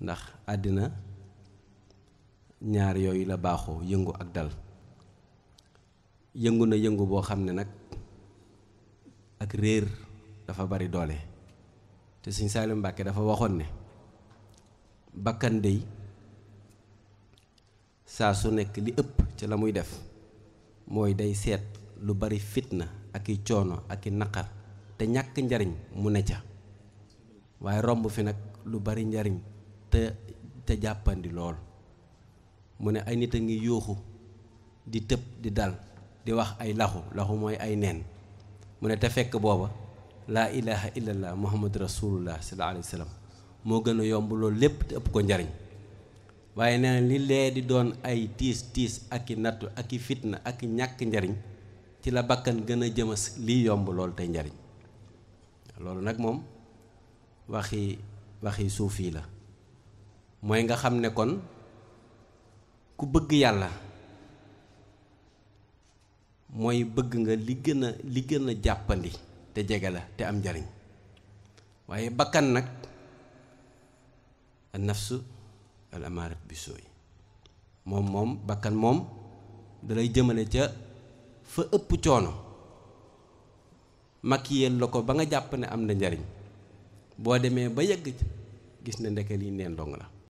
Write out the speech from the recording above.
ndax àddina ñaar yooyu la baaxoo yëngu ak dal yëngu na yëngu boo xam ne nag ak réer dafa bari doole te sëñ Saalim Mbàkke dafa waxoon ne bakkan dey saa su nekk li ëpp ci la muy def mooy day seet lu bari fitna ak i coono ak i naqar te ñàkk njariñ mu ne ca waaye romb fi nag lu bari njariñ te te jàppandi lool mu ne ay nit a ngi yuuxu di tëb di dal di wax ay laxu laxu mooy ay neen mu ne te fekk booba laa ilaha illallah muhammad rasulullah sallallahu alayhi wa sallam moo gën a yomb loolu lépp te ëpp ko njariñ waaye nee na li lee di doon ay tiis tiis ak i nattu ak i fitna ak i ñàkk njariñ ci la bakkan gën a jëma lii yomb lool tey njariñ loolu nag moom waxi waxi suufi la mooy nga xam ne kon ku bëgg yàlla mooy bëgg nga li gën li gën a jàppandi te jege la te am njariñ waaye bakkan nag an nafsu al amaarat bi sooy moom moom bakkan moom dalay jëmale ca fa ëpp coono makkiyeel la ko ba nga jàpp ne am na njariñ boo demee ba yegg gis ne ndeke lii neen la